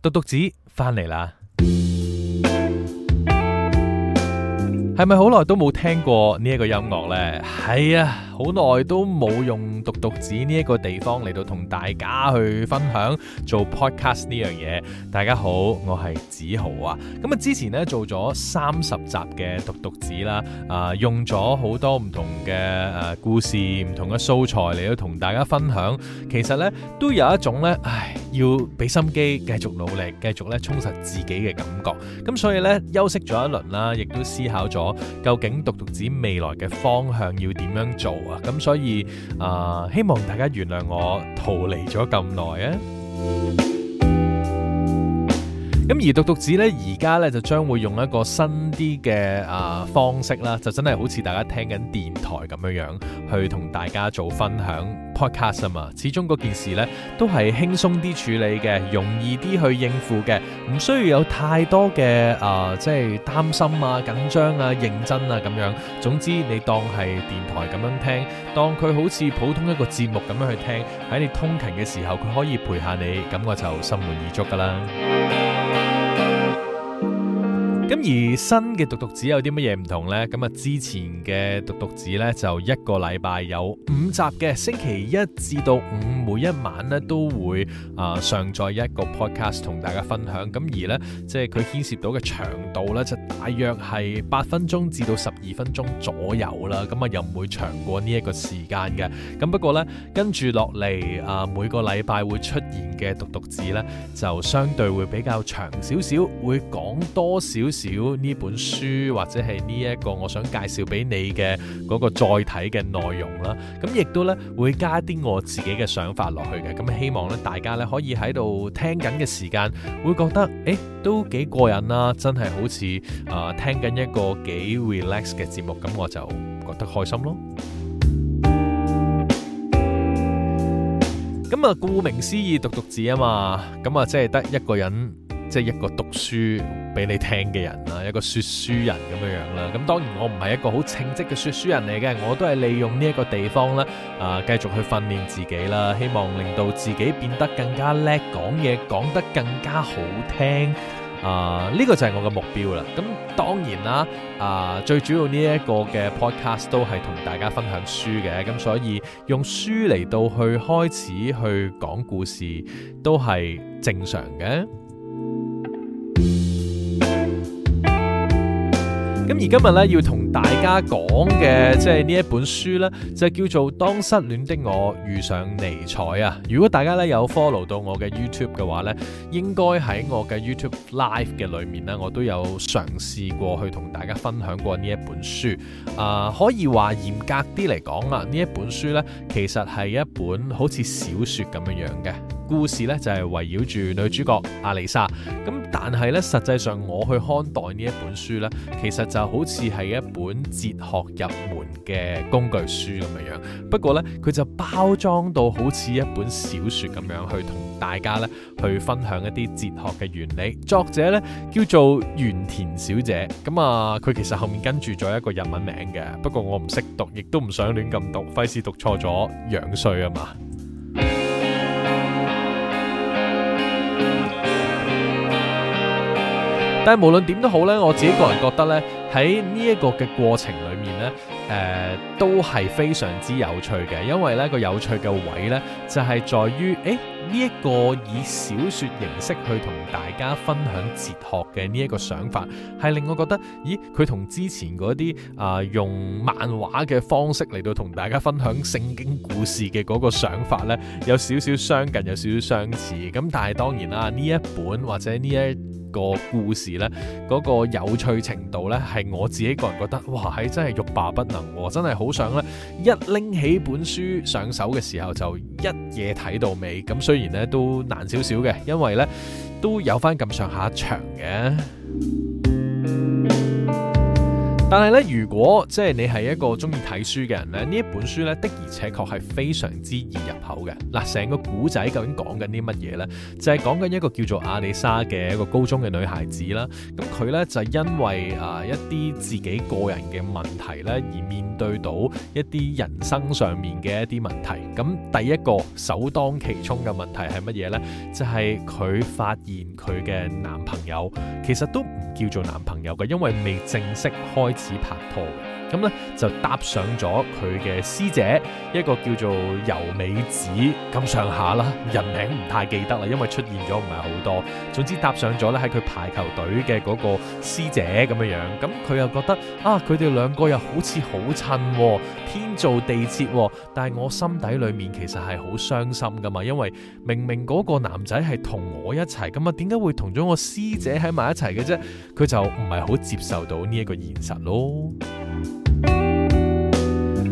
獨讀子返嚟喇，係咪好耐都冇聽過呢一個音樂咧？係啊。好耐都冇用獨讀子呢一個地方嚟到同大家去分享做 podcast 呢樣嘢。大家好，我係梓豪啊。咁啊，之前呢，做咗三十集嘅獨讀子啦，啊用咗好多唔同嘅誒故事、唔同嘅素材嚟到同大家分享。其實呢，都有一種呢，唉，要俾心機，繼續努力，繼續咧充實自己嘅感覺。咁所以呢，休息咗一輪啦，亦都思考咗究竟獨讀子未來嘅方向要點樣做。咁所以啊、呃，希望大家原諒我逃離咗咁耐啊！咁而獨讀子呢，而家呢，就將會用一個新啲嘅啊方式啦，就真係好似大家聽緊電台咁樣樣，去同大家做分享。Podcast 始終嗰件事呢都係輕鬆啲處理嘅，容易啲去應付嘅，唔需要有太多嘅誒、呃，即係擔心啊、緊張啊、認真啊咁樣。總之，你當係電台咁樣聽，當佢好似普通一個節目咁樣去聽。喺你通勤嘅時候，佢可以陪下你，咁我就心滿意足噶啦。咁而新嘅獨讀子有啲乜嘢唔同咧？咁啊，之前嘅獨讀子咧就一個禮拜有五集嘅，星期一至到五每一晚咧都會啊、呃、上載一個 podcast 同大家分享。咁而咧即係佢牽涉到嘅長度咧就大約係八分鐘至到十二分鐘左右啦。咁啊、嗯、又唔會長過呢一個時間嘅。咁不過咧跟住落嚟啊每個禮拜會出現嘅獨讀子咧就相對會比較長少少，會講多少少。少呢本書或者係呢一個我想介紹俾你嘅嗰個載體嘅內容啦，咁亦都呢會加啲我自己嘅想法落去嘅，咁希望呢，大家咧可以喺度聽緊嘅時間會覺得誒都幾過癮啦、啊，真係好似誒、呃、聽緊一個幾 relax 嘅節目，咁我就覺得開心咯。咁啊，顧 名思義獨讀子啊嘛，咁啊，即係得一個人。即係一個讀書俾你聽嘅人啦，一個說書人咁樣樣啦。咁當然我唔係一個好稱職嘅說書人嚟嘅，我都係利用呢一個地方咧，啊、呃，繼續去訓練自己啦，希望令到自己變得更加叻，講嘢講得更加好聽。啊、呃、呢、這個就係我嘅目標啦。咁當然啦，啊、呃，最主要呢一個嘅 podcast 都係同大家分享書嘅，咁所以用書嚟到去開始去講故事都係正常嘅。咁而今日咧，要同大家講嘅即係呢一本書呢，就叫做《當失戀的我遇上尼采》啊！如果大家咧有 follow 到我嘅 YouTube 嘅話呢，應該喺我嘅 YouTube Live 嘅裏面呢，我都有嘗試過去同大家分享過呢一本書。啊、呃，可以話嚴格啲嚟講啊，呢一本書呢其實係一本好似小說咁樣樣嘅。故事咧就係圍繞住女主角阿麗莎咁，但係咧實際上我去看待呢一本書咧，其實就好似係一本哲學入門嘅工具書咁樣樣。不過咧，佢就包裝到好似一本小說咁樣去同大家咧去分享一啲哲學嘅原理。作者咧叫做原田小姐咁啊，佢其實後面跟住咗一個日文名嘅，不過我唔識讀，亦都唔想亂咁讀，費事讀錯咗樣衰啊嘛。但係無論點都好咧，我自己個人覺得咧喺呢一個嘅過程裏面咧，誒、呃、都係非常之有趣嘅，因為呢、個有趣嘅位呢，就係、是、在於誒呢一個以小說形式去同大家分享哲學嘅呢一個想法，係令我覺得咦佢同之前嗰啲啊用漫畫嘅方式嚟到同大家分享聖經故事嘅嗰個想法呢，有少少相近，有少少相似，咁但係當然啦呢一本或者呢一個故事呢，嗰、那個有趣程度呢，係我自己個人覺得，哇係真係欲罷不能，真係好想呢，一拎起本書上手嘅時候就一夜睇到尾。咁雖然呢都難少少嘅，因為呢都有翻咁上下長嘅。但係咧，如果即係你係一個中意睇書嘅人咧，呢一本書咧的而且確係非常之易入口嘅。嗱，成個古仔究竟講緊啲乜嘢呢？就係講緊一個叫做阿里莎嘅一個高中嘅女孩子啦。咁佢咧就因為啊、呃、一啲自己個人嘅問題咧，而面對到一啲人生上面嘅一啲問題。咁第一個首當其衝嘅問題係乜嘢呢？就係、是、佢發現佢嘅男朋友其實都唔叫做男朋友嘅，因為未正式開。只拍拖咁呢，就搭上咗佢嘅師姐，一個叫做尤美子咁上下啦，人名唔太記得啦，因為出現咗唔係好多。總之搭上咗咧喺佢排球隊嘅嗰個師姐咁樣樣，咁佢又覺得啊，佢哋兩個又好似好襯，天造地設，但係我心底裏面其實係好傷心噶嘛，因為明明嗰個男仔係同我一齊，咁啊點解會同咗我師姐喺埋一齊嘅啫？佢就唔係好接受到呢一個現實。哦，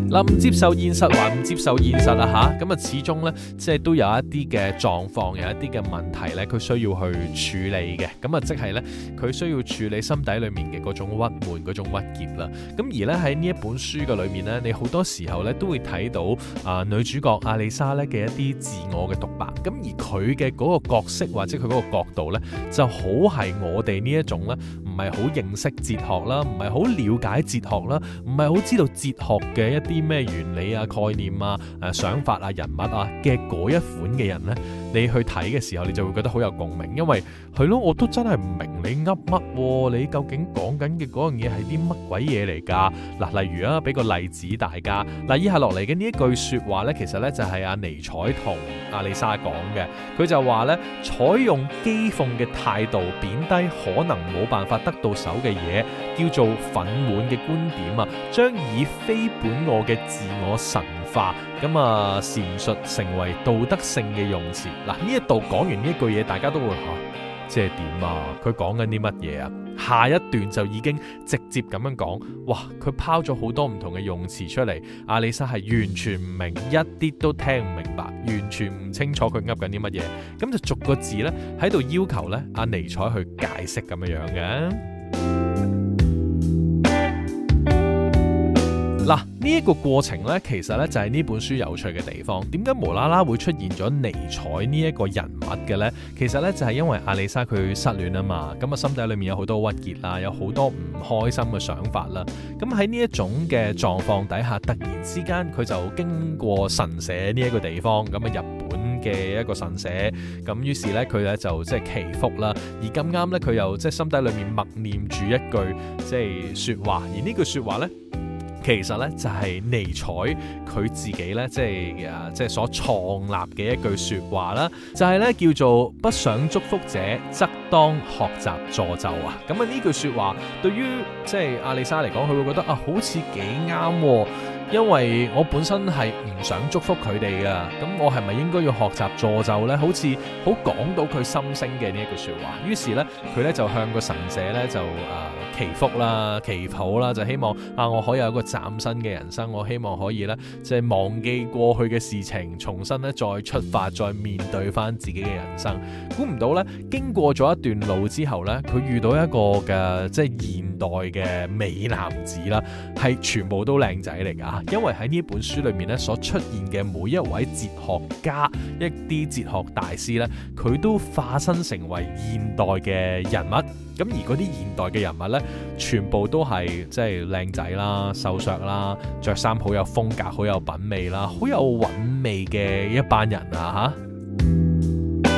嗱，唔接受現實還唔接受現實啊嚇！咁啊，始終呢，即係都有一啲嘅狀況，有一啲嘅問題呢，佢需要去處理嘅。咁啊，即係呢，佢需要處理心底裏面嘅嗰種鬱悶，嗰種鬱結啦。咁、啊、而呢，喺呢一本書嘅裏面呢，你好多時候呢都會睇到啊、呃、女主角阿里莎呢嘅一啲自我嘅獨白。咁、啊、而佢嘅嗰個角色或者佢嗰個角度呢，就好係我哋呢一種呢。唔係好認識哲學啦，唔係好了解哲學啦，唔係好知道哲學嘅一啲咩原理啊、概念啊、誒想法啊、人物啊嘅嗰一款嘅人呢。你去睇嘅時候，你就會覺得好有共鳴，因為係咯，我都真係唔明你噏乜，你究竟講緊嘅嗰樣嘢係啲乜鬼嘢嚟㗎？嗱，例如啊，俾個例子大家。嗱，以下落嚟嘅呢一句説話呢，其實呢就係阿尼采同阿李莎講嘅，佢就話呢，採用譏諷嘅態度，貶低可能冇辦法得到手嘅嘢，叫做憤滿嘅觀點啊，將以非本我嘅自我神。化咁啊，善術成為道德性嘅用詞。嗱，呢一度講完呢一句嘢，大家都會吓，即係點啊？佢講緊啲乜嘢啊？下一段就已經直接咁樣講，哇！佢拋咗好多唔同嘅用詞出嚟，阿里沙係完全唔明，一啲都聽唔明白，完全唔清楚佢噏緊啲乜嘢，咁就逐個字呢喺度要求呢，阿尼采去解釋咁樣樣嘅。嗱，呢一個過程呢，其實呢就係呢本書有趣嘅地方。點解無啦啦會出現咗尼采呢一個人物嘅呢？其實呢，就係因為阿里莎佢失戀啊嘛，咁啊心底裏面有好多鬱結啊，有好多唔開心嘅想法啦。咁喺呢一種嘅狀況底下，突然之間佢就經過神社呢一個地方，咁啊日本嘅一個神社。咁於是呢，佢咧就即係祈福啦，而咁啱呢，佢又即係心底裏面默念住一句即係説話，而呢句説話呢。其實咧就係尼采佢自己咧，即係啊，即係所創立嘅一句説話啦，就係咧叫做不想祝福者則當學習詛咒啊。咁啊呢句説話對於即係阿里莎嚟講，佢會覺得啊，好似幾啱喎。因為我本身係唔想祝福佢哋嘅，咁我係咪應該要學習助咒呢？好似好講到佢心聲嘅呢一句説話。於是呢，佢呢就向個神者呢就誒、呃、祈福啦、祈禱啦啦，就希望啊我可以有一個嶄新嘅人生。我希望可以呢，即係忘記過去嘅事情，重新呢再出發，再面對返自己嘅人生。估唔到呢，經過咗一段路之後呢，佢遇到一個嘅即係現代嘅美男子啦，係全部都靚仔嚟㗎。因為喺呢本書裏面咧，所出現嘅每一位哲學家、一啲哲學大師咧，佢都化身成為現代嘅人物。咁而嗰啲現代嘅人物呢，全部都係，即係靚仔啦、瘦削啦、着衫好有風格、好有品味啦、好有韻味嘅一班人啊！吓，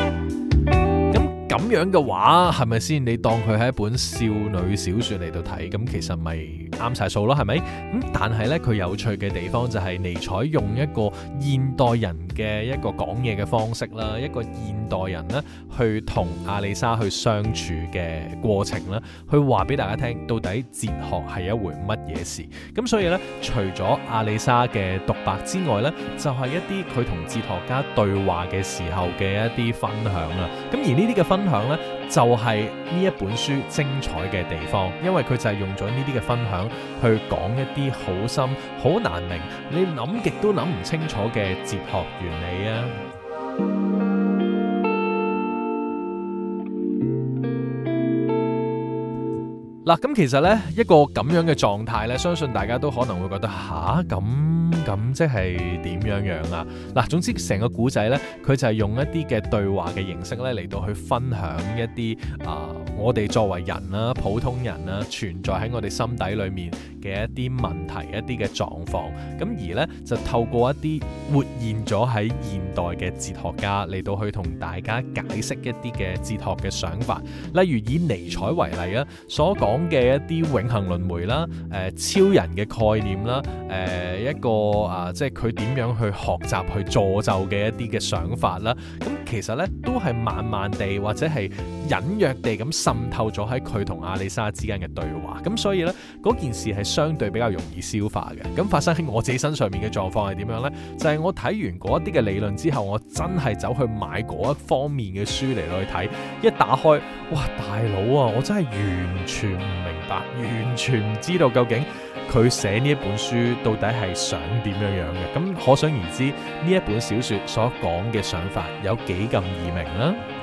咁咁樣嘅話，係咪先？你當佢係一本少女小說嚟到睇，咁其實咪、就是？啱晒數咯，係咪？咁但係呢，佢有趣嘅地方就係尼采用一個現代人嘅一個講嘢嘅方式啦，一個現代人呢去同阿里莎去相處嘅過程啦，去話俾大家聽，到底哲學係一回乜嘢事？咁所以呢，除咗阿里莎嘅獨白之外呢，就係一啲佢同哲學家對話嘅時候嘅一啲分享啦。咁而呢啲嘅分享呢，就係呢一本書精彩嘅地方，因為佢就係用咗呢啲嘅分享去講一啲好深、好難明、你諗極都諗唔清楚嘅哲學原理啊！嗱，咁 其實呢一個咁樣嘅狀態呢，相信大家都可能會覺得吓咁。咁即係點樣樣啊？嗱，總之成個故仔呢，佢就係用一啲嘅對話嘅形式呢嚟到去分享一啲啊。呃我哋作為人啦，普通人啦，存在喺我哋心底裏面嘅一啲問題、一啲嘅狀況，咁而呢，就透過一啲活現咗喺現代嘅哲學家嚟到去同大家解釋一啲嘅哲學嘅想法，例如以尼采為例啊，所講嘅一啲永恆輪迴啦，誒、呃、超人嘅概念啦，誒、呃、一個啊、呃，即係佢點樣去學習去造就嘅一啲嘅想法啦。呃其實咧，都係慢慢地或者係隱約地咁滲透咗喺佢同阿里莎之間嘅對話。咁所以呢，嗰件事係相對比較容易消化嘅。咁發生喺我自己身上面嘅狀況係點樣呢？就係我睇完嗰一啲嘅理論之後，我真係走去買嗰一方面嘅書嚟攞去睇。一打開，哇！大佬啊，我真係完全唔明白，完全唔知道究竟佢寫呢一本書到底係想點樣樣嘅。咁可想而知，呢一本小説所講嘅想法有幾幾咁易明啦！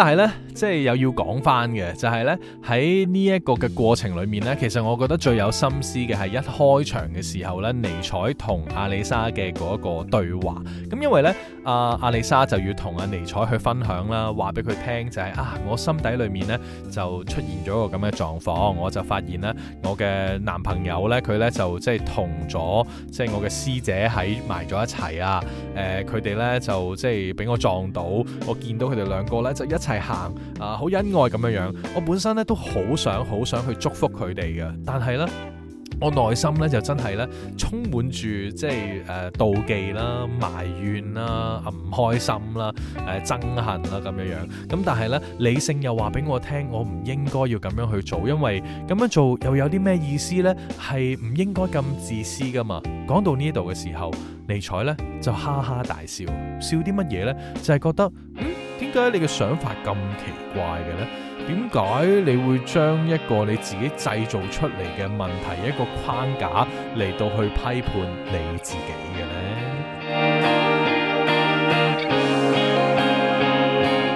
但係咧，即係又要講翻嘅，就係咧，喺呢一個嘅過程裏面咧，其實我覺得最有心思嘅係一開場嘅時候咧，尼采同阿里莎嘅嗰個對話。咁因為咧，阿阿里莎就要同阿尼采去分享啦，話俾佢聽就係、是、啊，我心底裏面咧就出現咗個咁嘅狀況，我就發現咧我嘅男朋友咧佢咧就即係同咗即係我嘅師姐喺埋咗一齊啊。誒、呃，佢哋咧就即係俾我撞到，我見到佢哋兩個咧就一。係行啊，好、呃、恩愛咁樣樣。我本身咧都好想好想去祝福佢哋嘅，但係咧。我內心咧就真係咧充滿住即係誒妒忌啦、埋怨啦、唔開心啦、誒、呃、憎恨啦，咁樣樣。咁但係咧理性又話俾我聽，我唔應該要咁樣去做，因為咁樣做又有啲咩意思咧？係唔應該咁自私噶嘛。講到呢度嘅時候，尼采咧就哈哈大笑，笑啲乜嘢咧？就係、是、覺得，嗯，點解你嘅想法咁奇怪嘅咧？點解你會將一個你自己製造出嚟嘅問題，一個框架，嚟到去批判你自己嘅呢？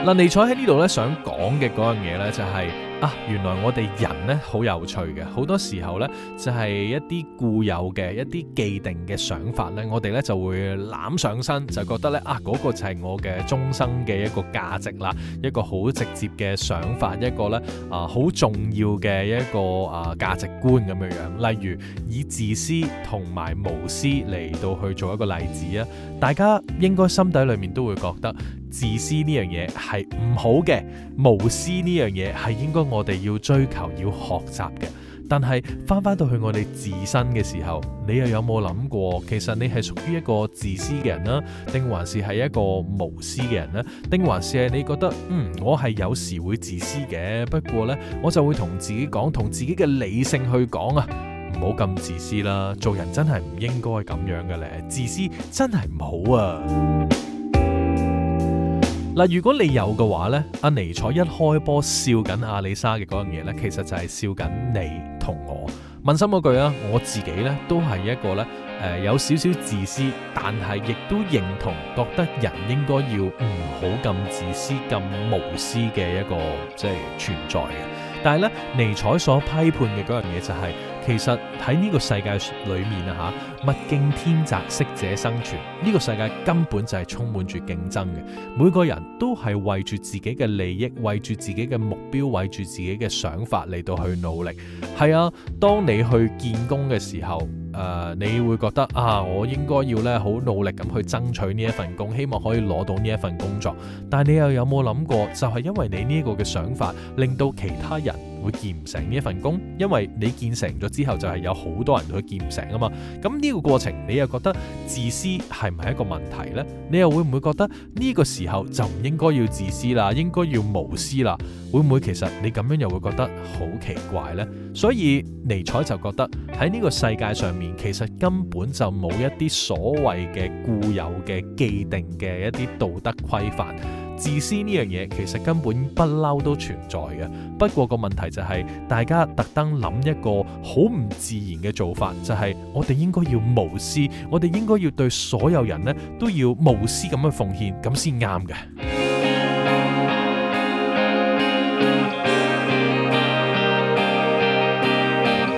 嗱， 尼采喺呢度咧想講嘅嗰樣嘢咧就係、是。啊，原來我哋人咧好有趣嘅，好多時候呢，就係一啲固有嘅一啲既定嘅想法呢，我哋呢就會攬上身，就覺得呢啊嗰個就係我嘅終生嘅一個價值啦，一個好直接嘅想法，一個呢啊好重要嘅一個啊價值觀咁樣樣。例如以自私同埋無私嚟到去做一個例子啊，大家應該心底裡面都會覺得。自私呢樣嘢係唔好嘅，無私呢樣嘢係應該我哋要追求、要學習嘅。但係翻翻到去我哋自身嘅時候，你又有冇諗過，其實你係屬於一個自私嘅人啦，定還是係一個無私嘅人咧？定還是係你覺得，嗯，我係有時會自私嘅，不過呢，我就會同自己講，同自己嘅理性去講啊，唔好咁自私啦。做人真係唔應該咁樣嘅咧，自私真係唔好啊。嗱，如果你有嘅話呢，阿尼采一開波笑緊阿里莎嘅嗰樣嘢，呢其實就係笑緊你同我。問心嗰句啊，我自己呢都係一個呢，誒、呃、有少少自私，但係亦都認同覺得人應該要唔好咁自私咁無私嘅一個即係存在嘅。但係呢，尼采所批判嘅嗰樣嘢就係，其實喺呢個世界裏面啊吓，物競天擇，適者生存。呢個世界根本就係充滿住競爭嘅，每個人都係為住自己嘅利益，為住自己嘅目標，為住自己嘅想法嚟到去努力。係啊，當你去建功嘅時候。誒，uh, 你會覺得啊，我應該要咧好努力咁去爭取呢一份工，希望可以攞到呢一份工作。但你又有冇諗過，就係因為你呢個嘅想法，令到其他人會見唔成呢一份工，因為你見成咗之後就係有好多人去見唔成啊嘛。咁呢個過程你又覺得自私係唔係一個問題呢？你又會唔會覺得呢個時候就唔應該要自私啦，應該要無私啦？會唔會其實你咁樣又會覺得好奇怪呢？所以尼采就覺得喺呢個世界上面，其實根本就冇一啲所謂嘅固有嘅既定嘅一啲道德規範。自私呢樣嘢其實根本不嬲都存在嘅，不過個問題就係大家特登諗一個好唔自然嘅做法，就係我哋應該要無私，我哋應該要對所有人呢都要無私咁樣奉獻，咁先啱嘅。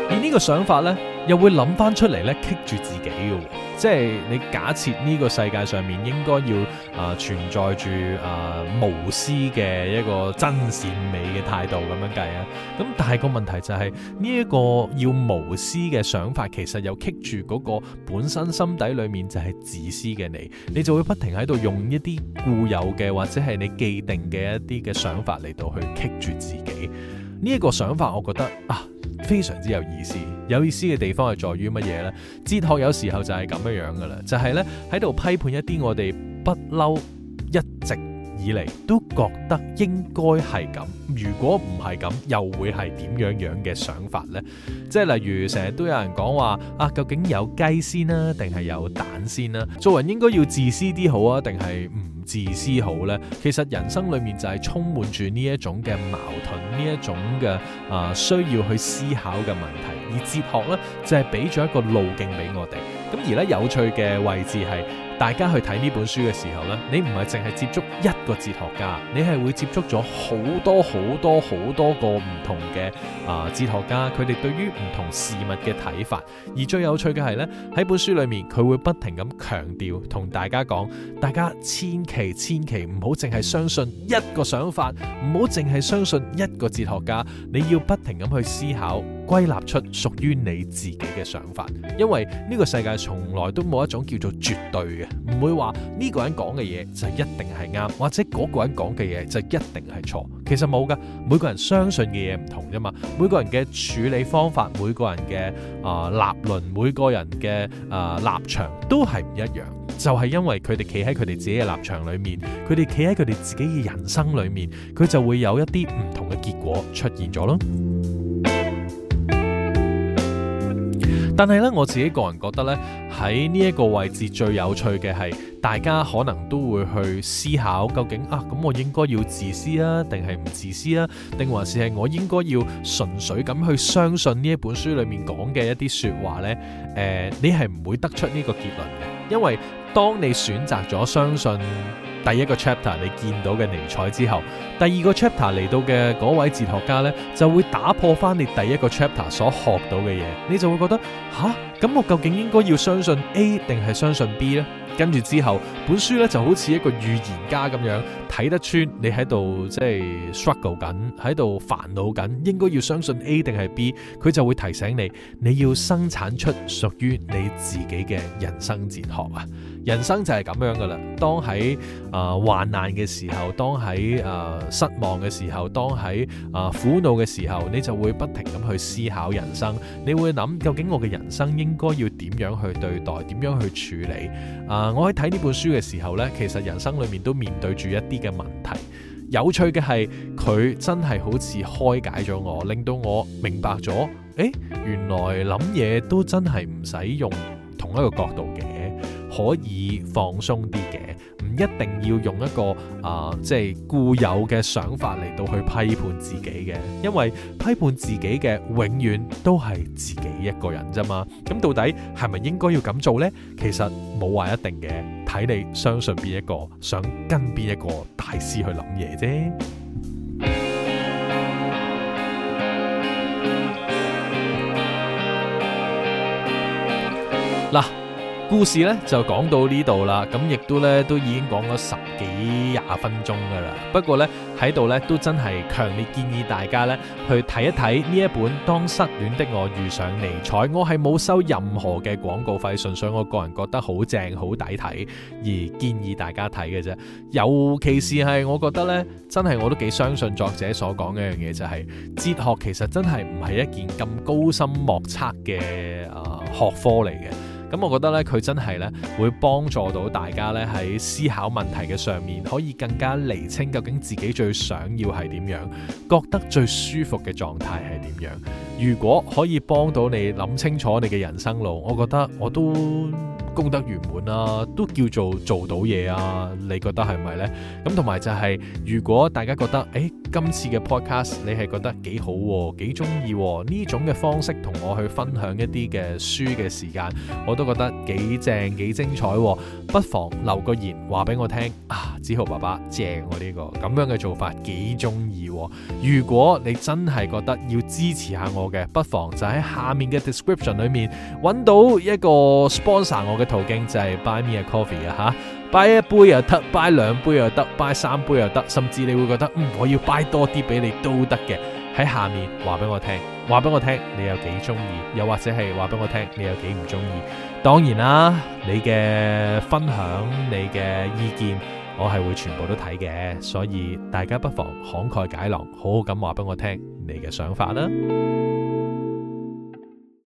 而呢個想法呢，又會諗翻出嚟呢，棘住自己嘅。即係你假設呢個世界上面應該要啊、呃、存在住啊、呃、無私嘅一個真善美嘅態度咁樣計啊，咁但係個問題就係呢一個要無私嘅想法，其實又棘住嗰個本身心底裡面就係自私嘅你，你就會不停喺度用一啲固有嘅或者係你既定嘅一啲嘅想法嚟到去棘住自己。呢、這、一個想法，我覺得啊～非常之有意思，有意思嘅地方係在於乜嘢咧？哲學有時候就係咁樣樣嘅啦，就係咧喺度批判一啲我哋不嬲一直。以嚟都覺得應該係咁，如果唔係咁，又會係點樣樣嘅想法呢？即係例如成日都有人講話啊，究竟有雞先啦、啊，定係有蛋先啦、啊？做人應該要自私啲好啊，定係唔自私好呢？」其實人生裡面就係充滿住呢一種嘅矛盾，呢一種嘅啊需要去思考嘅問題。而哲學呢，就係俾咗一個路徑俾我哋。咁而咧有趣嘅位置係，大家去睇呢本書嘅時候咧，你唔係淨係接觸一個哲學家，你係會接觸咗好多好多好多個唔同嘅啊、呃、哲學家，佢哋對於唔同事物嘅睇法。而最有趣嘅係咧，喺本書裏面佢會不停咁強調同大家講，大家千祈千祈唔好淨係相信一個想法，唔好淨係相信一個哲學家，你要不停咁去思考，歸納出屬於你自己嘅想法，因為呢個世界，從來都冇一種叫做絕對嘅，唔會話呢個人講嘅嘢就一定係啱，或者嗰個人講嘅嘢就一定係錯。其實冇噶，每個人相信嘅嘢唔同啫嘛。每個人嘅處理方法，每個人嘅啊、呃、立論，每個人嘅啊、呃、立場都係唔一樣。就係、是、因為佢哋企喺佢哋自己嘅立場裏面，佢哋企喺佢哋自己嘅人生裏面，佢就會有一啲唔同嘅結果出現咗咯。但係咧，我自己個人覺得咧，喺呢一個位置最有趣嘅係，大家可能都會去思考究竟啊，咁我應該要自私啊，定係唔自私啊，定還是係我應該要純粹咁去相信呢一本書裏面講嘅一啲說話呢？誒、呃，你係唔會得出呢個結論嘅，因為。當你選擇咗相信第一個 chapter 你見到嘅尼采之後，第二個 chapter 嚟到嘅嗰位哲學家呢，就會打破翻你第一個 chapter 所學到嘅嘢，你就會覺得吓？咁我究竟應該要相信 A 定係相信 B 呢？跟住之後，本書呢就好似一個預言家咁樣，睇得穿你喺度即係 struggle 緊，喺度煩惱緊，應該要相信 A 定係 B，佢就會提醒你，你要生產出屬於你自己嘅人生哲學啊！人生就係咁樣噶啦。當喺啊、呃、患難嘅時候，當喺啊、呃、失望嘅時候，當喺啊、呃、苦惱嘅時候，你就會不停咁去思考人生。你會諗究竟我嘅人生應該要點樣去對待，點樣去處理？啊、呃，我喺睇呢本書嘅時候呢，其實人生裏面都面對住一啲嘅問題。有趣嘅係佢真係好似開解咗我，令到我明白咗。誒，原來諗嘢都真係唔使用同一個角度嘅。可以放鬆啲嘅，唔一定要用一個啊、呃，即係固有嘅想法嚟到去批判自己嘅，因為批判自己嘅永遠都係自己一個人啫嘛。咁到底係咪應該要咁做呢？其實冇話一定嘅，睇你相信邊一個，想跟邊一個大師去諗嘢啫。嗱。 故事呢就講到呢度啦，咁亦都呢都已經講咗十幾廿分鐘噶啦。不過呢，喺度呢都真係強烈建議大家呢，去睇一睇呢一本《當失戀的我遇上尼采》，我係冇收任何嘅廣告費，純粹我個人覺得好正好抵睇而建議大家睇嘅啫。尤其是係我覺得呢，真係我都幾相信作者所講嘅一樣嘢，就是，就係哲學其實真係唔係一件咁高深莫測嘅誒、呃、學科嚟嘅。咁，我覺得咧，佢真係咧會幫助到大家咧喺思考問題嘅上面，可以更加釐清究竟自己最想要係點樣，覺得最舒服嘅狀態係點樣。如果可以幫到你諗清楚你嘅人生路，我覺得我都功德圓滿啊，都叫做做到嘢啊！你覺得係咪咧？咁同埋就係、是、如果大家覺得，誒、欸、今次嘅 podcast 你係覺得幾好、啊，幾中意呢種嘅方式同我去分享一啲嘅書嘅時間，我都覺得幾正幾精彩、啊。不妨留個言話俾我聽啊！梓豪爸爸正喎、啊、呢、這個咁樣嘅做法幾中意、啊。如果你真係覺得要支持下我嘅，不妨就喺下面嘅 description 裏面揾到一個 sponsor 我嘅。途徑就係 buy me a coffee 啊吓，buy 一杯又得，buy 兩杯又得，buy 三杯又得，甚至你會覺得嗯我要 buy 多啲俾你都得嘅。喺下面話俾我聽，話俾我聽你有幾中意，又或者係話俾我聽你有幾唔中意。當然啦，你嘅分享、你嘅意見，我係會全部都睇嘅。所以大家不妨慷慨解囊，好好咁話俾我聽你嘅想法啦。